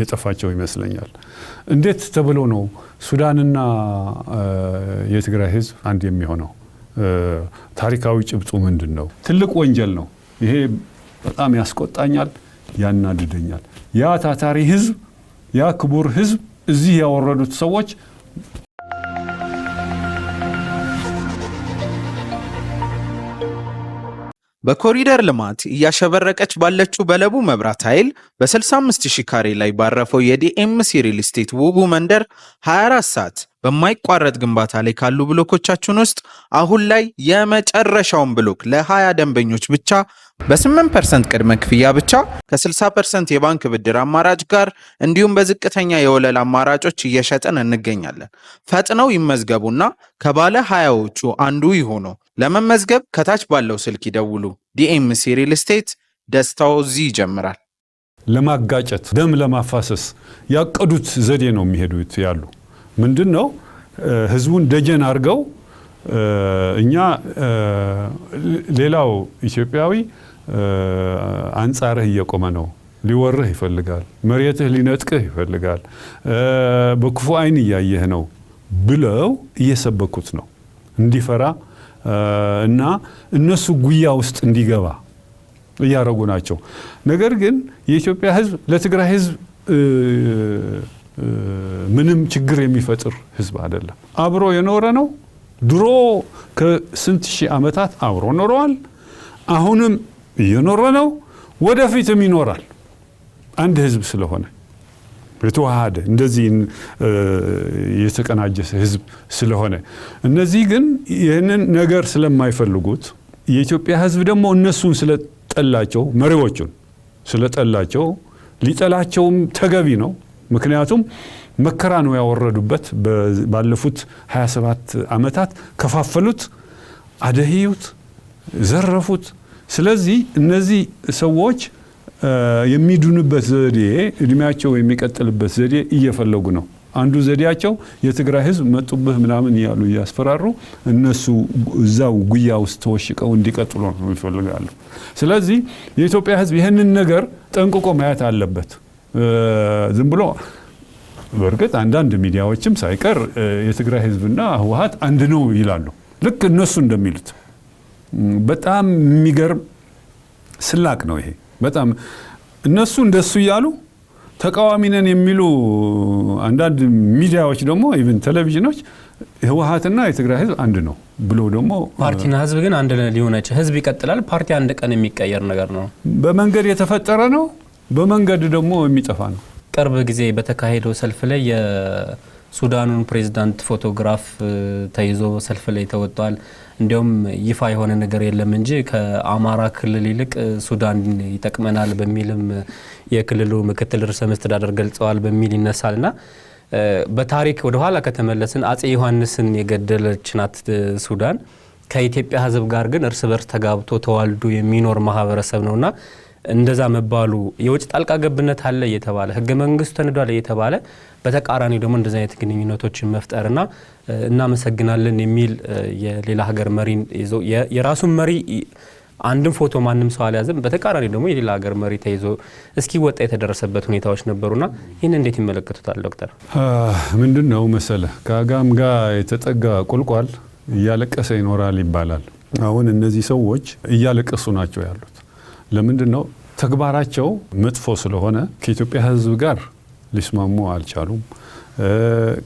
የጠፋቸው ይመስለኛል። እንዴት ተብሎ ነው ሱዳንና የትግራይ ህዝብ አንድ የሚሆነው? ታሪካዊ ጭብጡ ምንድን ነው? ትልቅ ወንጀል ነው ይሄ። በጣም ያስቆጣኛል፣ ያናድደኛል። ያ ታታሪ ህዝብ፣ ያ ክቡር ህዝብ እዚህ ያወረዱት ሰዎች በኮሪደር ልማት እያሸበረቀች ባለችው በለቡ መብራት ኃይል በ65000 ካሬ ላይ ባረፈው የዲኤምሲ ሪል ስቴት ውቡ መንደር 24 ሰዓት በማይቋረጥ ግንባታ ላይ ካሉ ብሎኮቻችን ውስጥ አሁን ላይ የመጨረሻውን ብሎክ ለ20 ደንበኞች ብቻ በ8% ቅድመ ክፍያ ብቻ ከ60% የባንክ ብድር አማራጭ ጋር እንዲሁም በዝቅተኛ የወለል አማራጮች እየሸጠን እንገኛለን። ፈጥነው ይመዝገቡና ከባለ 20ዎቹ አንዱ ይሆኑ። ለመመዝገብ ከታች ባለው ስልክ ይደውሉ። ዲኤምሲ ሪል ስቴት ደስታው እዚህ ይጀምራል። ለማጋጨት ደም ለማፋሰስ ያቀዱት ዘዴ ነው የሚሄዱት ያሉ ምንድን ነው ህዝቡን ደጀን አድርገው እኛ ሌላው ኢትዮጵያዊ አንጻርህ እየቆመ ነው። ሊወርህ ይፈልጋል። መሬትህ ሊነጥቅህ ይፈልጋል። በክፉ አይን እያየህ ነው ብለው እየሰበኩት ነው እንዲፈራ እና እነሱ ጉያ ውስጥ እንዲገባ እያረጉ ናቸው። ነገር ግን የኢትዮጵያ ህዝብ ለትግራይ ህዝብ ምንም ችግር የሚፈጥር ህዝብ አይደለም። አብሮ የኖረ ነው። ድሮ ከስንት ሺህ ዓመታት አብሮ ኖረዋል። አሁንም እየኖረ ነው። ወደፊትም ይኖራል። አንድ ህዝብ ስለሆነ የተዋሃደ እንደዚህ የተቀናጀ ህዝብ ስለሆነ እነዚህ ግን ይህንን ነገር ስለማይፈልጉት የኢትዮጵያ ህዝብ ደግሞ እነሱን ስለጠላቸው፣ መሪዎቹን ስለጠላቸው ሊጠላቸውም ተገቢ ነው። ምክንያቱም መከራ ነው ያወረዱበት። ባለፉት 27 ዓመታት ከፋፈሉት፣ አደህዩት፣ ዘረፉት። ስለዚህ እነዚህ ሰዎች የሚድኑበት ዘዴ እድሜያቸው የሚቀጥልበት ዘዴ እየፈለጉ ነው። አንዱ ዘዴያቸው የትግራይ ህዝብ መጡብህ ምናምን እያሉ እያስፈራሩ እነሱ እዛው ጉያ ውስጥ ተወሽቀው እንዲቀጥሉ ይፈልጋሉ። ስለዚህ የኢትዮጵያ ህዝብ ይህንን ነገር ጠንቅቆ ማየት አለበት። ዝም ብሎ በእርግጥ አንዳንድ ሚዲያዎችም ሳይቀር የትግራይ ህዝብና ህወሀት አንድ ነው ይላሉ። ልክ እነሱ እንደሚሉት በጣም የሚገርም ስላቅ ነው ይሄ። በጣም እነሱ እንደሱ እያሉ ተቃዋሚ ነን የሚሉ አንዳንድ ሚዲያዎች ደግሞ ኢቨን ቴሌቪዥኖች ህወሀትና የትግራይ ህዝብ አንድ ነው ብሎ ደግሞ ፓርቲና ህዝብ ግን አንድ ሊሆነች ህዝብ ይቀጥላል። ፓርቲ አንድ ቀን የሚቀየር ነገር ነው፣ በመንገድ የተፈጠረ ነው። በመንገድ ደግሞ የሚጠፋ ነው። ቅርብ ጊዜ በተካሄደው ሰልፍ ላይ የሱዳኑን ፕሬዝዳንት ፎቶግራፍ ተይዞ ሰልፍ ላይ ተወጥቷል። እንዲሁም ይፋ የሆነ ነገር የለም እንጂ ከአማራ ክልል ይልቅ ሱዳን ይጠቅመናል በሚልም የክልሉ ምክትል ርዕሰ መስተዳደር ገልጸዋል በሚል ይነሳል ና በታሪክ ወደኋላ ከተመለስን አጼ ዮሐንስን የገደለች ናት ሱዳን። ከኢትዮጵያ ሕዝብ ጋር ግን እርስ በርስ ተጋብቶ ተዋልዶ የሚኖር ማህበረሰብ ነውና እንደዛ መባሉ የውጭ ጣልቃ ገብነት አለ እየተባለ ህገ መንግስቱ ተንዷል እየተባለ በተቃራኒ ደግሞ እንደዛ አይነት ግንኙነቶችን መፍጠርና እናመሰግናለን የሚል የሌላ ሀገር መሪን ይዞ የራሱን መሪ አንድም ፎቶ ማንም ሰው አልያዘም። በተቃራኒ ደግሞ የሌላ ሀገር መሪ ተይዞ እስኪ ወጣ የተደረሰበት ሁኔታዎች ነበሩና ይህን እንዴት ይመለከቱታል ዶክተር? ምንድን ነው መሰለ ከአጋም ጋር የተጠጋ ቁልቋል እያለቀሰ ይኖራል ይባላል። አሁን እነዚህ ሰዎች እያለቀሱ ናቸው ያሉት ለምንድን ነው ተግባራቸው መጥፎ ስለሆነ ከኢትዮጵያ ህዝብ ጋር ሊስማሙ አልቻሉም።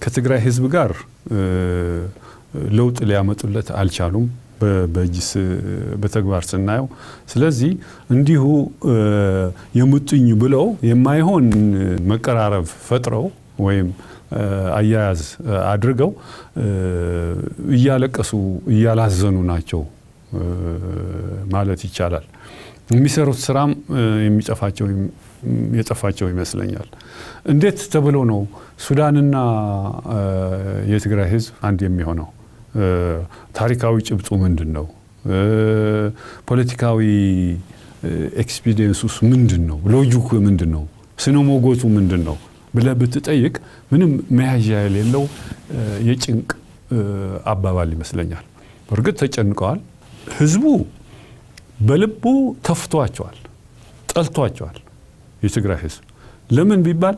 ከትግራይ ህዝብ ጋር ለውጥ ሊያመጡለት አልቻሉም በእጅስ በተግባር ስናየው። ስለዚህ እንዲሁ የሙጥኝ ብለው የማይሆን መቀራረብ ፈጥረው ወይም አያያዝ አድርገው እያለቀሱ እያላዘኑ ናቸው ማለት ይቻላል። የሚሰሩት ስራም የሚጠፋቸው የጠፋቸው ይመስለኛል። እንዴት ተብሎ ነው ሱዳንና የትግራይ ህዝብ አንድ የሚሆነው? ታሪካዊ ጭብጡ ምንድን ነው? ፖለቲካዊ ኤክስፒሪየንሱስ ምንድን ነው? ሎጂኩ ምንድን ነው? ስነ ሞጎቱ ምንድን ነው ብለ ብትጠይቅ ምንም መያዣ የሌለው የጭንቅ አባባል ይመስለኛል። በእርግጥ ተጨንቀዋል ህዝቡ በልቡ ተፍቷቸዋል፣ ጠልቷቸዋል። የትግራይ ህዝብ ለምን ቢባል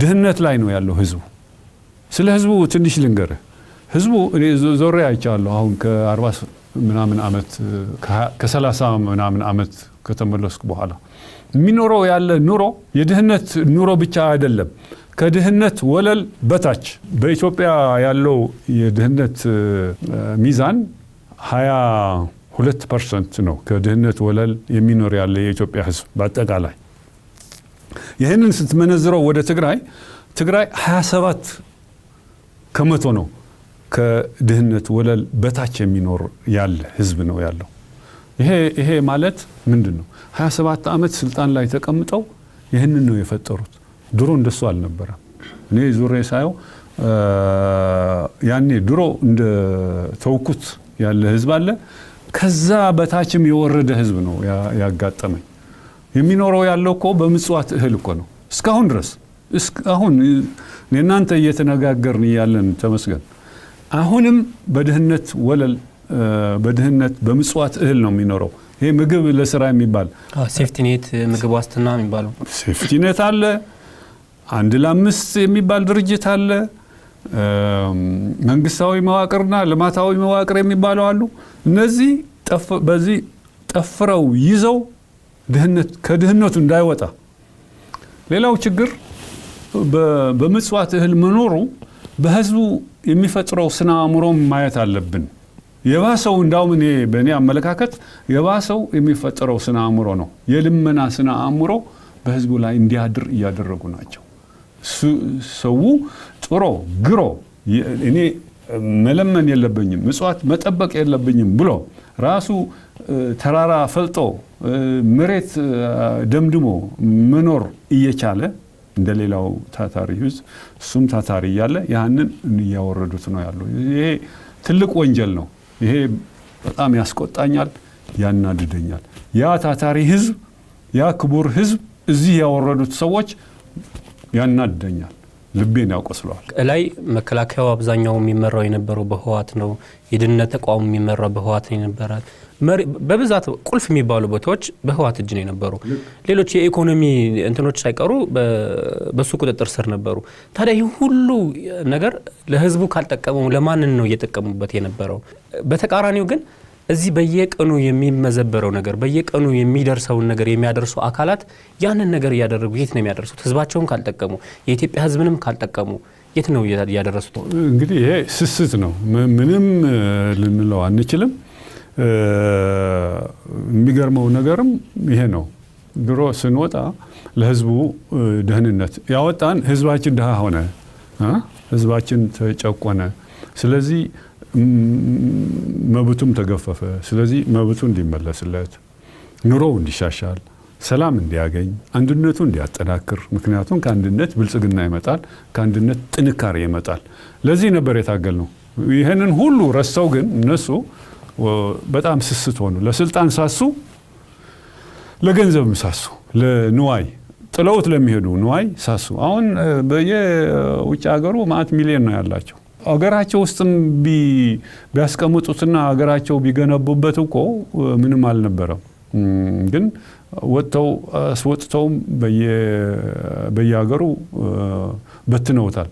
ድህነት ላይ ነው ያለው ህዝቡ። ስለ ህዝቡ ትንሽ ልንገር ህዝቡ እኔ ዞሬ አይቻለሁ። አሁን ከአርባ ምናምን ዓመት ከሰላሳ ምናምን ዓመት ከተመለስኩ በኋላ የሚኖረው ያለ ኑሮ የድህነት ኑሮ ብቻ አይደለም። ከድህነት ወለል በታች በኢትዮጵያ ያለው የድህነት ሚዛን ሀያ ሁለት ፐርሰንት ነው ከድህነት ወለል የሚኖር ያለ የኢትዮጵያ ህዝብ በአጠቃላይ። ይህንን ስትመነዝረው ወደ ትግራይ ትግራይ 27 ከመቶ ነው ከድህነት ወለል በታች የሚኖር ያለ ህዝብ ነው ያለው። ይሄ ማለት ምንድን ነው? 27 ዓመት ስልጣን ላይ ተቀምጠው ይህንን ነው የፈጠሩት። ድሮ እንደሱ አልነበረም። እኔ ዙሬ ሳየው ያኔ ድሮ እንደ ተውኩት ያለ ህዝብ አለ ከዛ በታችም የወረደ ህዝብ ነው ያጋጠመኝ። የሚኖረው ያለው እኮ በምጽዋት እህል እኮ ነው እስካሁን ድረስ አሁን የእናንተ እየተነጋገርን ያለን ተመስገን። አሁንም በድህነት ወለል በድህነት በምጽዋት እህል ነው የሚኖረው። ይሄ ምግብ ለስራ የሚባል ሴፍቲኔት ምግብ ዋስትና የሚባለው ሴፍቲኔት አለ። አንድ ለአምስት የሚባል ድርጅት አለ። መንግስታዊ መዋቅርና ልማታዊ መዋቅር የሚባለው አሉ። እነዚህ በዚህ ጠፍረው ይዘው ድህነት ከድህነቱ እንዳይወጣ። ሌላው ችግር በምጽዋት እህል መኖሩ በህዝቡ የሚፈጥረው ስነ አእምሮም ማየት አለብን። የባሰው እንዳውም እኔ በእኔ አመለካከት የባሰው የሚፈጠረው ስነ አእምሮ ነው። የልመና ስነ አእምሮ በህዝቡ ላይ እንዲያድር እያደረጉ ናቸው። ሰው ጥሮ ግሮ እኔ መለመን የለብኝም ምጽዋት መጠበቅ የለብኝም ብሎ ራሱ ተራራ ፈልጦ መሬት ደምድሞ መኖር እየቻለ እንደ ሌላው ታታሪ ሕዝብ እሱም ታታሪ እያለ ያንን እያወረዱት ነው ያሉ። ይሄ ትልቅ ወንጀል ነው። ይሄ በጣም ያስቆጣኛል፣ ያናድደኛል። ያ ታታሪ ህዝብ ያ ክቡር ህዝብ እዚህ ያወረዱት ሰዎች ያናድደኛል። ልቤን ያቆስለዋል። ላይ መከላከያው አብዛኛው የሚመራው የነበረው በህዋት ነው። የደህንነት ተቋሙ የሚመራው በህዋት የነበረ በብዛት ቁልፍ የሚባሉ ቦታዎች በህዋት እጅ ነው የነበሩ። ሌሎች የኢኮኖሚ እንትኖች ሳይቀሩ በሱ ቁጥጥር ስር ነበሩ። ታዲያ ይህ ሁሉ ነገር ለህዝቡ ካልጠቀመው ለማንን ነው እየጠቀሙበት የነበረው? በተቃራኒው ግን እዚህ በየቀኑ የሚመዘበረው ነገር በየቀኑ የሚደርሰውን ነገር የሚያደርሱ አካላት ያንን ነገር እያደረጉ የት ነው የሚያደርሱት? ህዝባቸውን ካልጠቀሙ የኢትዮጵያ ህዝብንም ካልጠቀሙ የት ነው እያደረሱት? እንግዲህ ይሄ ስስት ነው፣ ምንም ልንለው አንችልም። የሚገርመው ነገርም ይሄ ነው። ድሮ ስንወጣ ለህዝቡ ደህንነት ያወጣን ህዝባችን ድሃ ሆነ፣ ህዝባችን ተጨቆነ። ስለዚህ መብቱም ተገፈፈ። ስለዚህ መብቱ እንዲመለስለት፣ ኑሮው እንዲሻሻል፣ ሰላም እንዲያገኝ፣ አንድነቱ እንዲያጠናክር። ምክንያቱም ከአንድነት ብልጽግና ይመጣል፣ ከአንድነት ጥንካሬ ይመጣል። ለዚህ ነበር የታገል ነው። ይህንን ሁሉ ረስተው ግን እነሱ በጣም ስስት ሆኑ። ለስልጣን ሳሱ፣ ለገንዘብም ሳሱ፣ ለንዋይ ጥለውት ለሚሄዱ ንዋይ ሳሱ። አሁን በየውጭ ሀገሩ ማት ሚሊዮን ነው ያላቸው አገራቸው ውስጥም ቢያስቀምጡትና አገራቸው ቢገነቡበት እኮ ምንም አልነበረም። ግን ወጥተው አስወጥተውም በየሀገሩ በትነውታል።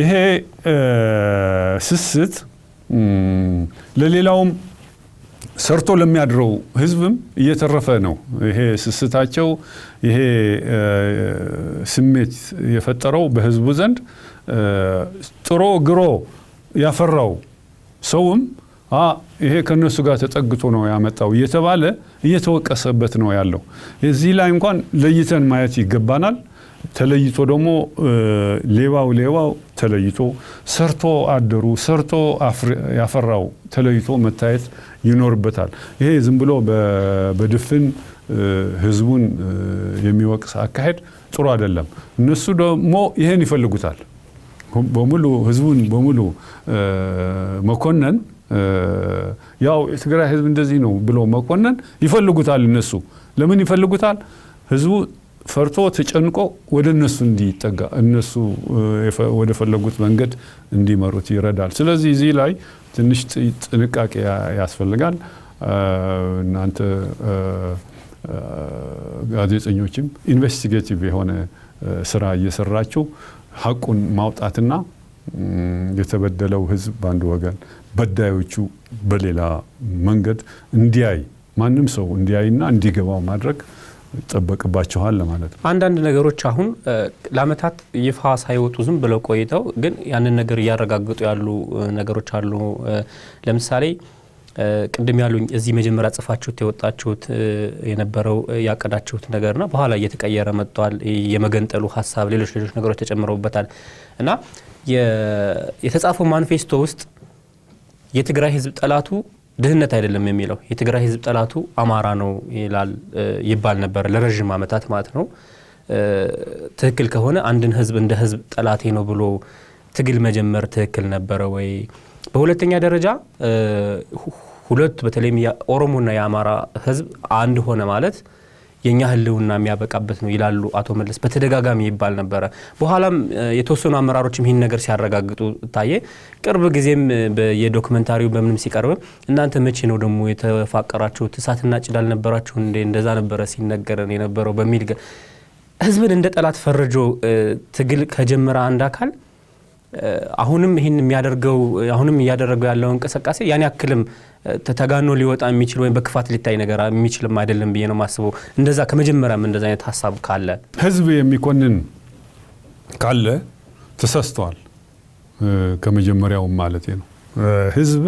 ይሄ ስስት ለሌላውም ሰርቶ ለሚያድረው ህዝብም እየተረፈ ነው። ይሄ ስስታቸው ይሄ ስሜት የፈጠረው በህዝቡ ዘንድ ጥሮ ግሮ ያፈራው ሰውም ይሄ ከእነሱ ጋር ተጠግቶ ነው ያመጣው እየተባለ እየተወቀሰበት ነው ያለው። እዚህ ላይ እንኳን ለይተን ማየት ይገባናል። ተለይቶ ደግሞ ሌባው ሌባው ተለይቶ ሰርቶ አደሩ ሰርቶ ያፈራው ተለይቶ መታየት ይኖርበታል። ይሄ ዝም ብሎ በድፍን ህዝቡን የሚወቅስ አካሄድ ጥሩ አይደለም። እነሱ ደግሞ ይሄን ይፈልጉታል። በሙሉ ህዝቡን በሙሉ መኮነን ያው የትግራይ ህዝብ እንደዚህ ነው ብሎ መኮነን ይፈልጉታል። እነሱ ለምን ይፈልጉታል? ህዝቡ ፈርቶ ተጨንቆ ወደ እነሱ እንዲጠጋ እነሱ ወደ ፈለጉት መንገድ እንዲመሩት ይረዳል። ስለዚህ እዚህ ላይ ትንሽ ጥንቃቄ ያስፈልጋል። እናንተ ጋዜጠኞችም ኢንቨስቲጌቲቭ የሆነ ስራ እየሰራችው ሀቁን ማውጣትና የተበደለው ህዝብ በአንድ ወገን በዳዮቹ በሌላ መንገድ እንዲያይ ማንም ሰው እንዲያይና እንዲገባው ማድረግ ይጠበቅባቸዋል ለማለት ነው። አንዳንድ ነገሮች አሁን ለአመታት ይፋ ሳይወጡ ዝም ብለው ቆይተው ግን ያንን ነገር እያረጋግጡ ያሉ ነገሮች አሉ። ለምሳሌ ቅድም ያሉኝ እዚህ መጀመሪያ ጽፋችሁት የወጣችሁት የነበረው ያቀዳችሁት ና በኋላ እየተቀየረ መጥቷል። የመገንጠሉ ሀሳብ፣ ሌሎች ሌሎች ነገሮች ተጨምረውበታል እና የተጻፈው ማኒፌስቶ ውስጥ የትግራይ ህዝብ ጠላቱ ድህነት አይደለም የሚለው የትግራይ ህዝብ ጠላቱ አማራ ነው ይላል ይባል ነበር ለረዥም ዓመታት ማለት ነው። ትክክል ከሆነ አንድን ህዝብ እንደ ህዝብ ጠላቴ ነው ብሎ ትግል መጀመር ትክክል ነበረ ወይ? በሁለተኛ ደረጃ ሁለቱ በተለይም የኦሮሞና የአማራ ህዝብ አንድ ሆነ ማለት የእኛ ህልውና የሚያበቃበት ነው ይላሉ አቶ መለስ። በተደጋጋሚ ይባል ነበረ። በኋላም የተወሰኑ አመራሮችም ይህን ነገር ሲያረጋግጡ ታየ። ቅርብ ጊዜም የዶክመንታሪው በምንም ሲቀርብ እናንተ መቼ ነው ደግሞ የተፋቀራችሁት? እሳትና ጭድ አልነበራችሁ እንዴ? እንደዛ ነበረ ሲነገረን የነበረው በሚል ህዝብን እንደ ጠላት ፈርጆ ትግል ከጀመረ አንድ አካል አሁንም ይህን የሚያደርገው አሁንም እያደረገው ያለው እንቅስቃሴ ያን ያክልም ተጋኖ ሊወጣ የሚችል ወይም በክፋት ሊታይ ነገር የሚችልም አይደለም ብዬ ነው የማስበው። እንደዛ ከመጀመሪያም እንደዛ አይነት ሀሳብ ካለ ህዝብ የሚኮንን ካለ ተሰስተዋል ከመጀመሪያውም ማለት ነው ህዝብ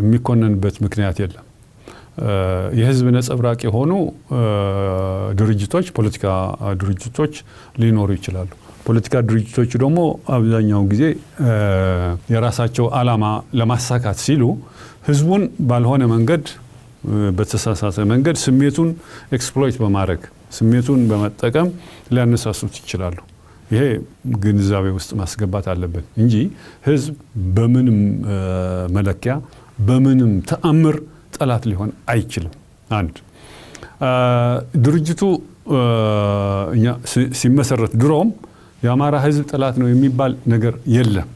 የሚኮነንበት ምክንያት የለም። የህዝብ ነጸብራቅ የሆኑ ድርጅቶች፣ ፖለቲካ ድርጅቶች ሊኖሩ ይችላሉ። ፖለቲካ ድርጅቶች ደግሞ አብዛኛውን ጊዜ የራሳቸው አላማ ለማሳካት ሲሉ ህዝቡን ባልሆነ መንገድ በተሳሳተ መንገድ ስሜቱን ኤክስፕሎይት በማድረግ ስሜቱን በመጠቀም ሊያነሳሱት ይችላሉ። ይሄ ግንዛቤ ውስጥ ማስገባት አለብን እንጂ ህዝብ በምንም መለኪያ በምንም ተአምር ጠላት ሊሆን አይችልም። አንድ ድርጅቱ ሲመሰረት ድሮም የአማራ ህዝብ ጠላት ነው የሚባል ነገር የለም።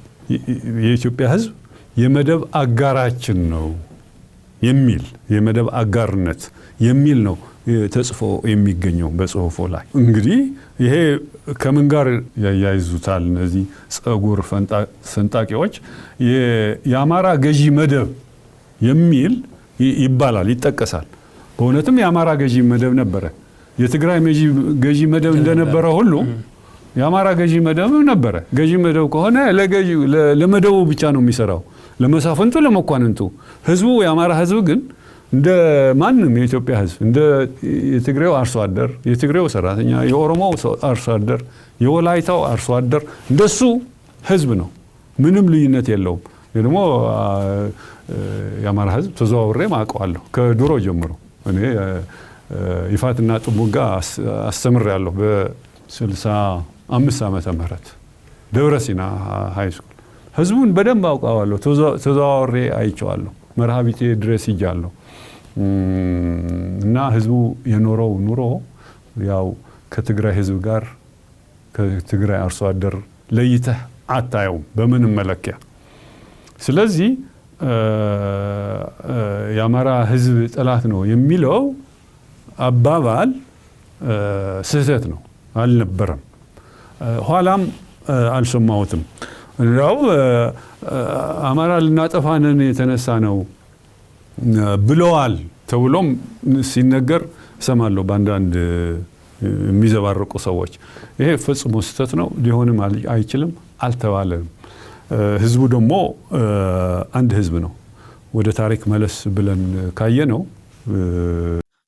የኢትዮጵያ ህዝብ የመደብ አጋራችን ነው የሚል የመደብ አጋርነት የሚል ነው ተጽፎ የሚገኘው በጽሁፉ ላይ። እንግዲህ ይሄ ከምን ጋር ያያይዙታል? እነዚህ ጸጉር ሰንጣቂዎች የአማራ ገዢ መደብ የሚል ይባላል፣ ይጠቀሳል። በእውነትም የአማራ ገዢ መደብ ነበረ። የትግራይ ገዢ መደብ እንደነበረ ሁሉ የአማራ ገዢ መደብ ነበረ። ገዢ መደብ ከሆነ ለመደቡ ብቻ ነው የሚሰራው፣ ለመሳፍንቱ፣ ለመኳንንቱ። ህዝቡ የአማራ ህዝብ ግን እንደ ማንም የኢትዮጵያ ህዝብ እንደ የትግሬው አርሶ አደር፣ የትግሬው ሰራተኛ፣ የኦሮሞው አርሶ አደር፣ የወላይታው አርሶ አደር እንደሱ ህዝብ ነው። ምንም ልዩነት የለውም ደግሞ የአማራ ህዝብ ተዘዋውሬ ማቀዋለሁ ከድሮ ጀምሮ እኔ ይፋትና ጥቡጋ አስተምር ያለሁ በ65 ዓመተ ምህረት ደብረ ሲና ሃይስኩል ህዝቡን በደንብ አውቀዋለሁ። ተዘዋውሬ አይቸዋለሁ። መርሃቢቴ ድረስ ይጃለሁ እና ህዝቡ የኖረው ኑሮ ያው ከትግራይ ህዝብ ጋር ከትግራይ አርሶ አደር ለይተህ አታየውም በምንም መለኪያ ስለዚህ የአማራ ህዝብ ጠላት ነው የሚለው አባባል ስህተት ነው፣ አልነበረም። ኋላም አልሰማሁትም። እንዲያው አማራ ልናጠፋንን የተነሳ ነው ብለዋል ተብሎም ሲነገር እሰማለሁ በአንዳንድ የሚዘባረቁ ሰዎች። ይሄ ፍጽሞ ስህተት ነው፣ ሊሆንም አይችልም፣ አልተባለም። ህዝቡ ደግሞ አንድ ህዝብ ነው። ወደ ታሪክ መለስ ብለን ካየ ነው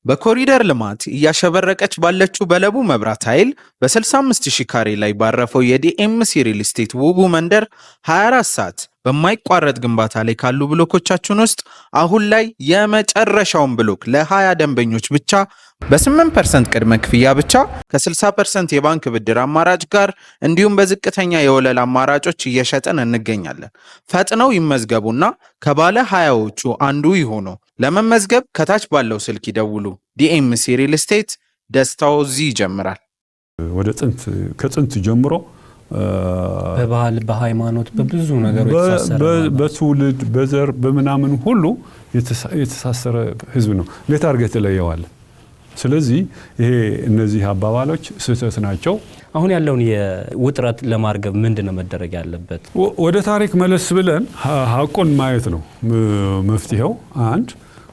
በኮሪደር ልማት እያሸበረቀች ባለችው በለቡ መብራት ኃይል በ65 ሺህ ካሬ ላይ ባረፈው የዲኤምሲ ሪል ስቴት ውቡ መንደር 24 ሰዓት በማይቋረጥ ግንባታ ላይ ካሉ ብሎኮቻችን ውስጥ አሁን ላይ የመጨረሻውን ብሎክ ለ20 ደንበኞች ብቻ በ8 ፐርሰንት ቅድመ ክፍያ ብቻ ከ60 ፐርሰንት የባንክ ብድር አማራጭ ጋር እንዲሁም በዝቅተኛ የወለል አማራጮች እየሸጥን እንገኛለን። ፈጥነው ይመዝገቡና ከባለ 20ዎቹ አንዱ ይሆኑ። ለመመዝገብ ከታች ባለው ስልክ ይደውሉ። ዲኤምሲ ሪል ስቴት ደስታው እዚህ ይጀምራል። ወደ ጥንት ከጥንት ጀምሮ በባህል በሃይማኖት በብዙ ነገሮች በትውልድ በዘር በምናምን ሁሉ የተሳሰረ ህዝብ ነው። እንዴት አድርገህ ትለየዋለ ስለዚህ ይሄ እነዚህ አባባሎች ስህተት ናቸው። አሁን ያለውን የውጥረት ለማርገብ ምንድን ነው መደረግ ያለበት? ወደ ታሪክ መለስ ብለን ሀቁን ማየት ነው መፍትሄው አንድ።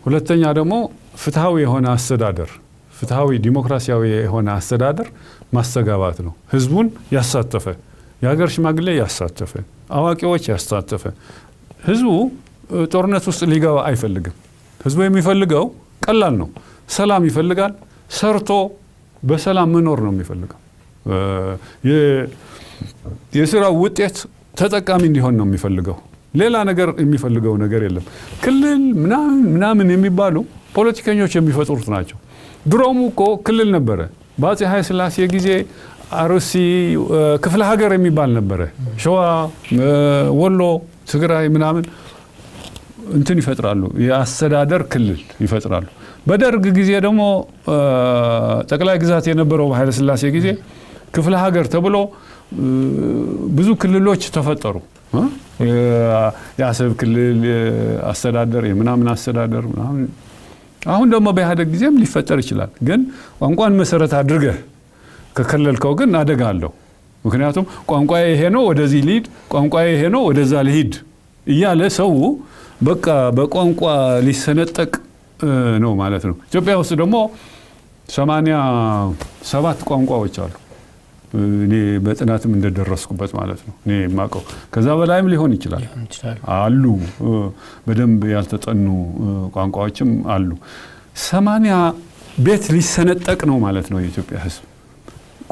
ሁለተኛ ደግሞ ፍትሐዊ የሆነ አስተዳደር፣ ፍትሐዊ ዲሞክራሲያዊ የሆነ አስተዳደር ማስተጋባት ነው። ህዝቡን ያሳተፈ፣ የሀገር ሽማግሌ ያሳተፈ፣ አዋቂዎች ያሳተፈ። ህዝቡ ጦርነት ውስጥ ሊገባ አይፈልግም። ህዝቡ የሚፈልገው ቀላል ነው። ሰላም ይፈልጋል። ሰርቶ በሰላም መኖር ነው የሚፈልገው። የስራው ውጤት ተጠቃሚ እንዲሆን ነው የሚፈልገው። ሌላ ነገር የሚፈልገው ነገር የለም። ክልል ምናምን ምናምን የሚባሉ ፖለቲከኞች የሚፈጥሩት ናቸው። ድሮም እኮ ክልል ነበረ። በአጼ ኃይለ ጊዜ አሩሲ ክፍለ ሀገር የሚባል ነበረ። ሸዋ፣ ወሎ፣ ትግራይ ምናምን እንትን ይፈጥራሉ፣ የአስተዳደር ክልል ይፈጥራሉ። በደርግ ጊዜ ደግሞ ጠቅላይ ግዛት የነበረው ስላሴ ጊዜ ክፍለ ሀገር ተብሎ ብዙ ክልሎች ተፈጠሩ። የአሰብ ክልል አስተዳደር፣ የምናምን አስተዳደር ምናምን አሁን ደግሞ በኢህአደግ ጊዜም ሊፈጠር ይችላል። ግን ቋንቋን መሰረት አድርገህ ከከለልከው ግን አደጋ አለው። ምክንያቱም ቋንቋ ይሄ ነው ወደዚህ ሊድ ቋንቋ ይሄ ነው ወደዛ ሊሂድ እያለ ሰው በቃ በቋንቋ ሊሰነጠቅ ነው ማለት ነው። ኢትዮጵያ ውስጥ ደግሞ ሰማንያ ሰባት ቋንቋዎች አሉ። እኔ በጥናትም እንደደረስኩበት ማለት ነው እኔ የማውቀው ከዛ በላይም ሊሆን ይችላል አሉ። በደንብ ያልተጠኑ ቋንቋዎችም አሉ። ሰማኒያ ቤት ሊሰነጠቅ ነው ማለት ነው የኢትዮጵያ ህዝብ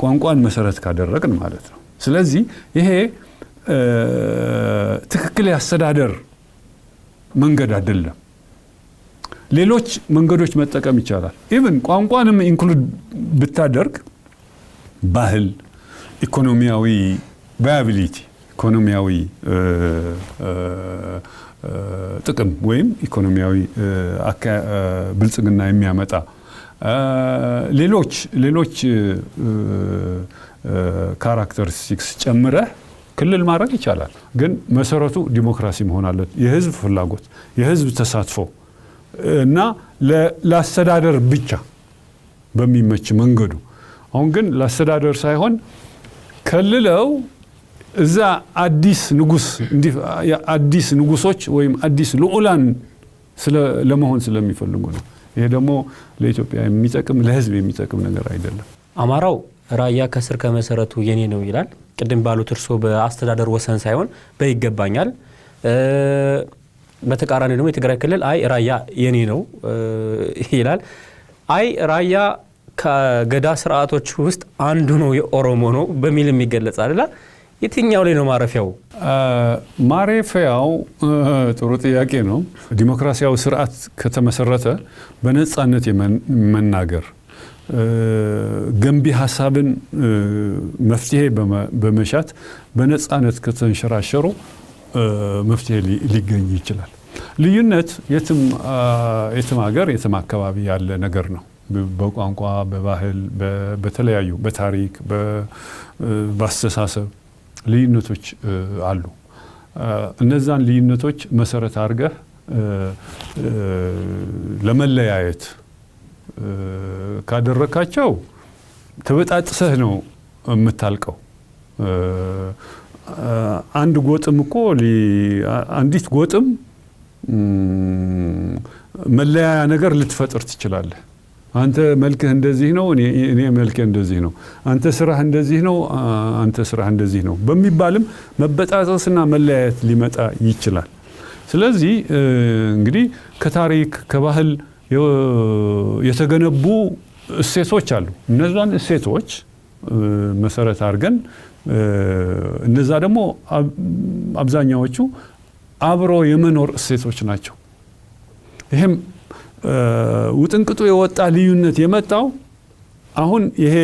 ቋንቋን መሰረት ካደረግን ማለት ነው። ስለዚህ ይሄ ትክክል ያስተዳደር መንገድ አይደለም። ሌሎች መንገዶች መጠቀም ይቻላል። ኢቭን ቋንቋንም ኢንክሉድ ብታደርግ ባህል ኢኮኖሚያዊ ቫያቢሊቲ ኢኮኖሚያዊ ጥቅም ወይም ኢኮኖሚያዊ ብልጽግና የሚያመጣ ሌሎች ሌሎች ካራክተሪስቲክስ ጨምረህ ክልል ማድረግ ይቻላል። ግን መሰረቱ ዲሞክራሲ መሆን አለት የህዝብ ፍላጎት፣ የህዝብ ተሳትፎ እና ለአስተዳደር ብቻ በሚመች መንገዱ አሁን ግን ለአስተዳደር ሳይሆን ከልለው እዛ አዲስ ንጉስ አዲስ ንጉሶች ወይም አዲስ ልዑላን ለመሆን ስለሚፈልጉ ነው። ይሄ ደግሞ ለኢትዮጵያ የሚጠቅም ለህዝብ የሚጠቅም ነገር አይደለም። አማራው ራያ ከስር ከመሰረቱ የኔ ነው ይላል። ቅድም ባሉት እርሶ በአስተዳደር ወሰን ሳይሆን በይገባኛል። በተቃራኒ ደግሞ የትግራይ ክልል አይ ራያ የኔ ነው ይላል። አይ ራያ ከገዳ ስርዓቶች ውስጥ አንዱ ነው የኦሮሞ ነው በሚል የሚገለጽ አለላ የትኛው ላይ ነው ማረፊያው? ማረፊያው ጥሩ ጥያቄ ነው። ዲሞክራሲያዊ ስርዓት ከተመሰረተ በነፃነት መናገር ገንቢ ሀሳብን መፍትሄ በመሻት በነፃነት ከተንሸራሸሩ መፍትሄ ሊገኝ ይችላል። ልዩነት የትም ሀገር የትም አካባቢ ያለ ነገር ነው። በቋንቋ፣ በባህል፣ በተለያዩ በታሪክ፣ በአስተሳሰብ ልዩነቶች አሉ። እነዛን ልዩነቶች መሰረት አድርገህ ለመለያየት ካደረካቸው ተበጣጥሰህ ነው የምታልቀው። አንድ ጎጥም እኮ አንዲት ጎጥም መለያያ ነገር ልትፈጥር ትችላለህ። አንተ መልክህ እንደዚህ ነው፣ እኔ መልክህ እንደዚህ ነው። አንተ ስራህ እንደዚህ ነው፣ አንተ ስራህ እንደዚህ ነው በሚባልም መበጣጠስና መለያየት ሊመጣ ይችላል። ስለዚህ እንግዲህ ከታሪክ ከባህል የተገነቡ እሴቶች አሉ። እነዛን እሴቶች መሰረት አድርገን እነዛ ደግሞ አብዛኛዎቹ አብሮ የመኖር እሴቶች ናቸው። ይህም ውጥንቅጡ የወጣ ልዩነት የመጣው አሁን ይሄ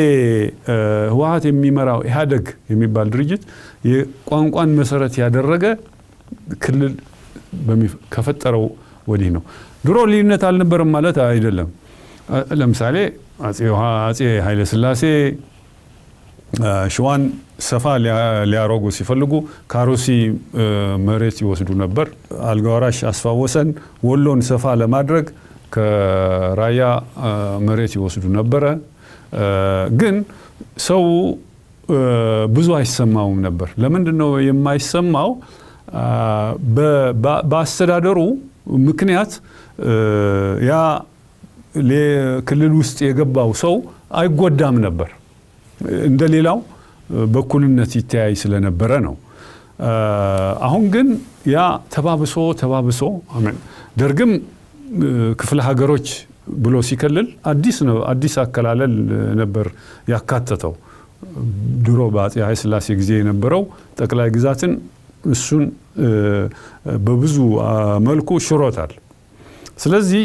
ህወሀት የሚመራው ኢህአደግ የሚባል ድርጅት የቋንቋን መሰረት ያደረገ ክልል ከፈጠረው ወዲህ ነው። ድሮ ልዩነት አልነበረም ማለት አይደለም። ለምሳሌ አጼ ኃይለ ስላሴ ሸዋን ሰፋ ሊያረጉ ሲፈልጉ ካሮሲ መሬት ይወስዱ ነበር። አልጋወራሽ አስፋወሰን ወሎን ሰፋ ለማድረግ ከራያ መሬት ይወስዱ ነበረ። ግን ሰው ብዙ አይሰማውም ነበር። ለምንድን ነው የማይሰማው? በአስተዳደሩ ምክንያት ያ ክልል ውስጥ የገባው ሰው አይጎዳም ነበር። እንደሌላው በኩልነት ይተያይ ስለነበረ ነው። አሁን ግን ያ ተባብሶ ተባብሶ ደርግም ክፍለ ሀገሮች ብሎ ሲከልል አዲስ ነው አዲስ አከላለል ነበር ያካተተው። ድሮ በአጼ ስላሴ ጊዜ የነበረው ጠቅላይ ግዛትን እሱን በብዙ መልኩ ሽሮታል። ስለዚህ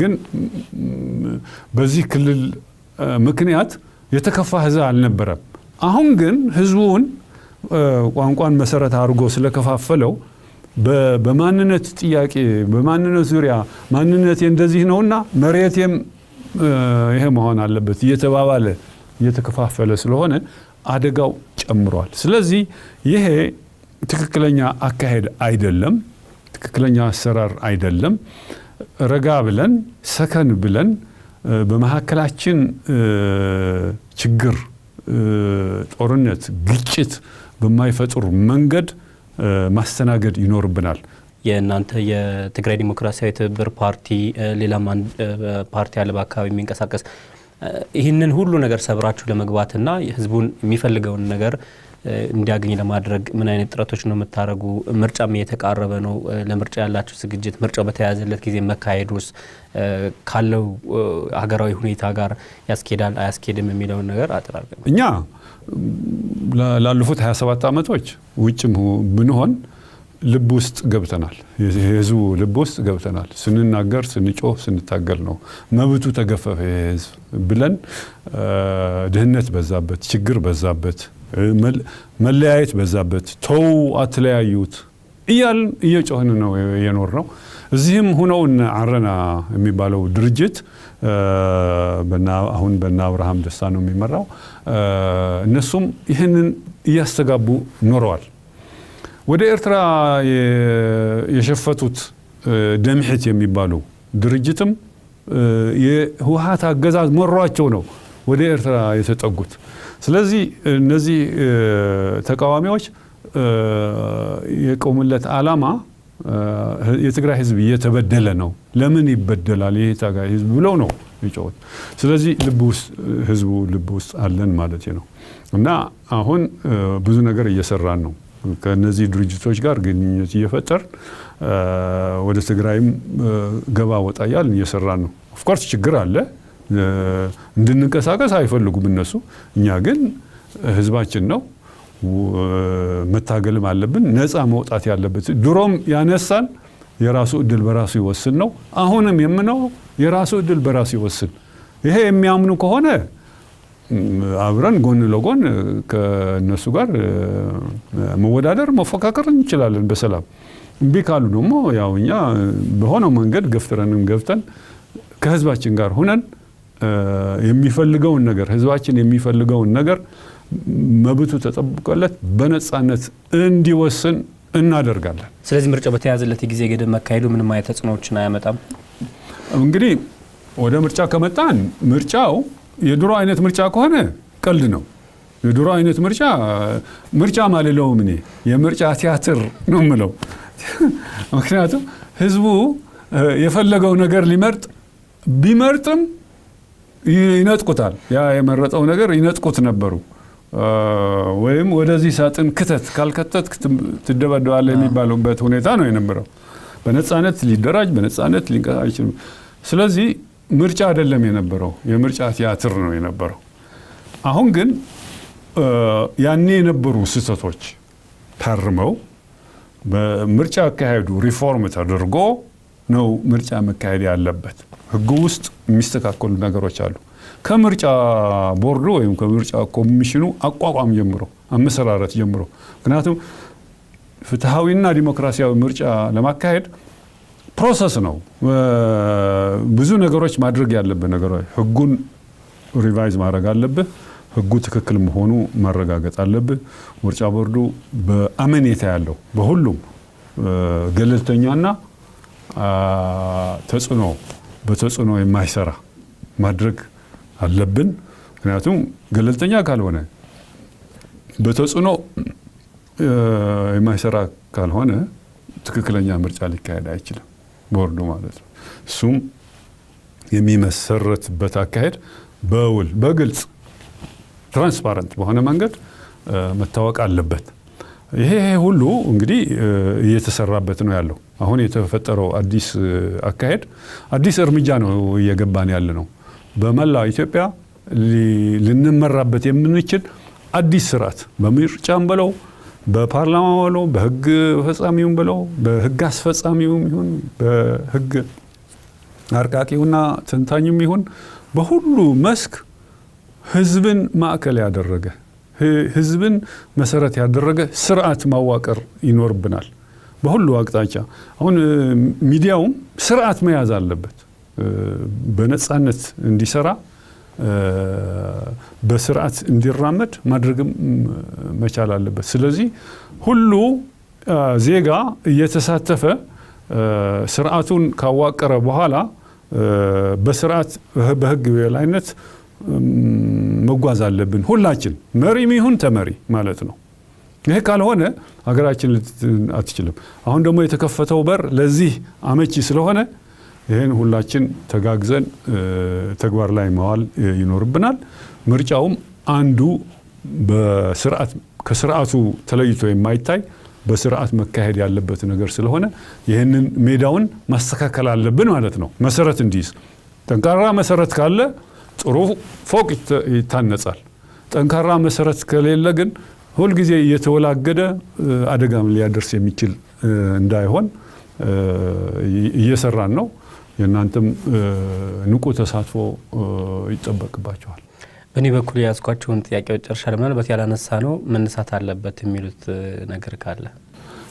ግን በዚህ ክልል ምክንያት የተከፋ ህዝብ አልነበረም። አሁን ግን ህዝቡን ቋንቋን መሰረት አድርጎ ስለከፋፈለው በማንነት ጥያቄ በማንነት ዙሪያ ማንነት እንደዚህ ነውና መሬቴም ይሄ መሆን አለበት እየተባባለ እየተከፋፈለ ስለሆነ አደጋው ጨምሯል። ስለዚህ ይሄ ትክክለኛ አካሄድ አይደለም፣ ትክክለኛ አሰራር አይደለም። ረጋ ብለን ሰከን ብለን በመካከላችን ችግር፣ ጦርነት፣ ግጭት በማይፈጥሩ መንገድ ማስተናገድ ይኖርብናል። የእናንተ የትግራይ ዲሞክራሲያዊ ትብብር ፓርቲ ሌላም ፓርቲ አለ በአካባቢ የሚንቀሳቀስ ይህንን ሁሉ ነገር ሰብራችሁ ለመግባትና ህዝቡን የሚፈልገውን ነገር እንዲያገኝ ለማድረግ ምን አይነት ጥረቶች ነው የምታደርጉ? ምርጫም እየተቃረበ ነው። ለምርጫ ያላችሁ ዝግጅት ምርጫው በተያያዘለት ጊዜ መካሄድ ውስጥ ካለው ሀገራዊ ሁኔታ ጋር ያስኬዳል አያስኬድም የሚለውን ነገር አጠራርገ እኛ ላለፉት 27 ዓመቶች ውጭም ብንሆን ልብ ውስጥ ገብተናል። የህዝቡ ልብ ውስጥ ገብተናል። ስንናገር፣ ስንጮ ስንታገል ነው መብቱ ተገፈፈ የህዝብ ብለን ድህነት በዛበት፣ ችግር በዛበት፣ መለያየት በዛበት፣ ተው አትለያዩት እያል እየጮህን ነው የኖር ነው። እዚህም ሁነውን አረና የሚባለው ድርጅት አሁን በና አብርሃም ደስታ ነው የሚመራው እነሱም ይህንን እያስተጋቡ ኖረዋል። ወደ ኤርትራ የሸፈቱት ደምሒት የሚባሉ ድርጅትም የህወሀት አገዛዝ መሯቸው ነው ወደ ኤርትራ የተጠጉት። ስለዚህ እነዚህ ተቃዋሚዎች የቆሙለት አላማ የትግራይ ህዝብ እየተበደለ ነው፣ ለምን ይበደላል ይህ ህዝብ ብለው ነው ይጮሁት። ስለዚህ ልብ ውስጥ ህዝቡ ልብ ውስጥ አለን ማለት ነው እና አሁን ብዙ ነገር እየሰራን ነው ከነዚህ ድርጅቶች ጋር ግንኙነት እየፈጠር ወደ ትግራይም ገባ ወጣ ያል እየሰራን ነው። ኦፍኮርስ ችግር አለ፣ እንድንንቀሳቀስ አይፈልጉም እነሱ። እኛ ግን ህዝባችን ነው መታገልም አለብን። ነፃ መውጣት ያለበት ድሮም ያነሳን የራሱ እድል በራሱ ይወስን ነው። አሁንም የምነው የራሱ እድል በራሱ ይወስን። ይሄ የሚያምኑ ከሆነ አብረን ጎን ለጎን ከእነሱ ጋር መወዳደር መፎካከር እንችላለን በሰላም። እምቢ ካሉ ደግሞ ያው እኛ በሆነው መንገድ ገፍትረንም ገብተን ከህዝባችን ጋር ሁነን የሚፈልገውን ነገር ህዝባችን የሚፈልገውን ነገር መብቱ ተጠብቆለት በነፃነት እንዲወስን እናደርጋለን። ስለዚህ ምርጫው በተያዘለት ጊዜ ገደብ መካሄዱ ምንም አይነት ተጽዕኖዎችን አያመጣም። እንግዲህ ወደ ምርጫ ከመጣን ምርጫው የድሮ አይነት ምርጫ ከሆነ ቀልድ ነው። የድሮ አይነት ምርጫ ምርጫ ማልለውም እኔ የምርጫ ቲያትር ነው የምለው። ምክንያቱም ህዝቡ የፈለገው ነገር ሊመርጥ ቢመርጥም ይነጥቁታል። ያ የመረጠው ነገር ይነጥቁት ነበሩ። ወይም ወደዚህ ሳጥን ክተት ካልከተት ትደበደባለህ የሚባለበት ሁኔታ ነው የነበረው። በነፃነት ሊደራጅ በነፃነት ሊንቀሳቀስ ስለዚህ ምርጫ አይደለም የነበረው፣ የምርጫ ቲያትር ነው የነበረው። አሁን ግን ያኔ የነበሩ ስህተቶች ታርመው በምርጫ አካሄዱ ሪፎርም ተደርጎ ነው ምርጫ መካሄድ ያለበት። ህግ ውስጥ የሚስተካከሉ ነገሮች አሉ። ከምርጫ ቦርዱ ወይም ከምርጫ ኮሚሽኑ አቋቋም ጀምሮ አመሰራረት ጀምሮ ምክንያቱም ፍትሐዊና ዲሞክራሲያዊ ምርጫ ለማካሄድ ፕሮሰስ ነው። ብዙ ነገሮች ማድረግ ያለብህ ነገሮች፣ ህጉን ሪቫይዝ ማድረግ አለብህ። ህጉ ትክክል መሆኑ ማረጋገጥ አለብህ። ምርጫ ቦርዱ በአመኔታ ያለው በሁሉም ገለልተኛና ተጽዕኖ በተጽዕኖ የማይሰራ ማድረግ አለብን። ምክንያቱም ገለልተኛ ካልሆነ በተጽዕኖ የማይሰራ ካልሆነ ትክክለኛ ምርጫ ሊካሄድ አይችልም፣ ቦርዱ ማለት ነው። እሱም የሚመሰረትበት አካሄድ በውል በግልጽ ትራንስፓረንት በሆነ መንገድ መታወቅ አለበት። ይሄ ሁሉ እንግዲህ እየተሰራበት ነው ያለው። አሁን የተፈጠረው አዲስ አካሄድ አዲስ እርምጃ ነው እየገባን ያለ ነው። በመላው ኢትዮጵያ ልንመራበት የምንችል አዲስ ስርዓት በምርጫም ብለው በፓርላማ ብለው በህግ ፈጻሚውም ብለው በህግ አስፈጻሚውም ይሁን በህግ አርቃቂውና ተንታኙም ይሁን በሁሉ መስክ ህዝብን ማዕከል ያደረገ ህዝብን መሰረት ያደረገ ስርዓት ማዋቀር ይኖርብናል። በሁሉ አቅጣጫ አሁን ሚዲያውም ስርዓት መያዝ አለበት። በነፃነት እንዲሰራ በስርዓት እንዲራመድ ማድረግም መቻል አለበት። ስለዚህ ሁሉ ዜጋ እየተሳተፈ ስርዓቱን ካዋቀረ በኋላ በስርዓት በህግ የበላይነት መጓዝ አለብን። ሁላችን መሪም ይሁን ተመሪ ማለት ነው። ይህ ካልሆነ ሀገራችን አትችልም። አሁን ደግሞ የተከፈተው በር ለዚህ አመቺ ስለሆነ ይህን ሁላችን ተጋግዘን ተግባር ላይ መዋል ይኖርብናል። ምርጫውም አንዱ በስርዓት ከስርዓቱ ተለይቶ የማይታይ በስርዓት መካሄድ ያለበት ነገር ስለሆነ ይህንን ሜዳውን ማስተካከል አለብን ማለት ነው። መሰረት እንዲይዝ ጠንካራ መሰረት ካለ ጥሩ ፎቅ ይታነጻል። ጠንካራ መሰረት ከሌለ ግን ሁልጊዜ እየተወላገደ አደጋም ሊያደርስ የሚችል እንዳይሆን እየሰራን ነው። የእናንተም ንቁ ተሳትፎ ይጠበቅባቸዋል። በእኔ በኩል የያዝኳቸውን ጥያቄዎች ጨርሻ ምናልባት ያላነሳ ነው መነሳት አለበት የሚሉት ነገር ካለ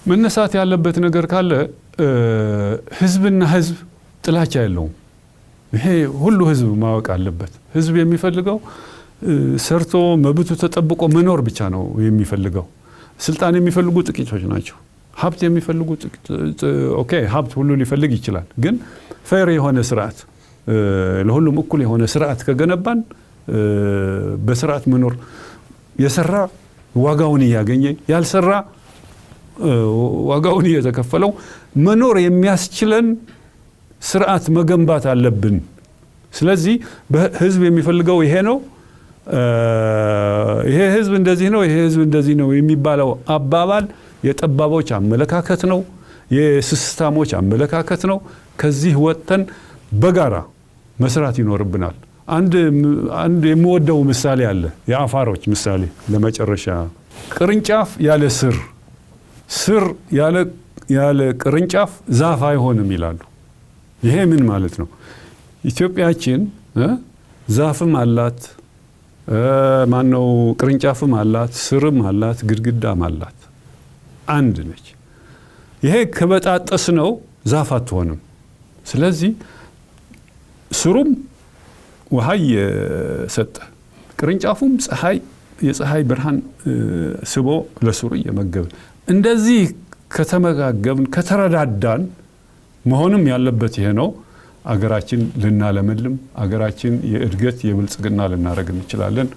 መነሳት ያለበት ነገር ካለ ህዝብና ህዝብ ጥላቻ የለውም። ይሄ ሁሉ ህዝብ ማወቅ አለበት። ህዝብ የሚፈልገው ሰርቶ መብቱ ተጠብቆ መኖር ብቻ ነው የሚፈልገው። ስልጣን የሚፈልጉ ጥቂቶች ናቸው። ሀብት የሚፈልጉ ኦኬ፣ ሀብት ሁሉ ሊፈልግ ይችላል። ግን ፌር የሆነ ስርዓት፣ ለሁሉም እኩል የሆነ ስርዓት ከገነባን በስርዓት መኖር የሰራ ዋጋውን እያገኘ ያልሰራ ዋጋውን እየተከፈለው መኖር የሚያስችለን ስርዓት መገንባት አለብን። ስለዚህ ህዝብ የሚፈልገው ይሄ ነው፣ ይሄ ህዝብ እንደዚህ ነው፣ ይሄ ህዝብ እንደዚህ ነው የሚባለው አባባል የጠባቦች አመለካከት ነው፣ የስስታሞች አመለካከት ነው። ከዚህ ወጥተን በጋራ መስራት ይኖርብናል። አንድ የምወደው ምሳሌ አለ፣ የአፋሮች ምሳሌ ለመጨረሻ። ቅርንጫፍ ያለ ስር፣ ስር ያለ ቅርንጫፍ ዛፍ አይሆንም ይላሉ። ይሄ ምን ማለት ነው? ኢትዮጵያችን ዛፍም አላት፣ ማነው ቅርንጫፍም አላት፣ ስርም አላት፣ ግድግዳም አላት። አንድ ነች። ይሄ ከበጣጠስ ነው ዛፍ አትሆንም። ስለዚህ ስሩም ውሃ እየሰጠ ቅርንጫፉም ፀሐይ የፀሐይ ብርሃን ስቦ ለስሩ እየመገብን እንደዚህ ከተመጋገብን ከተረዳዳን መሆንም ያለበት ይሄ ነው። አገራችን ልናለመልም፣ አገራችን የእድገት የብልጽግና ልናደረግ እንችላለን።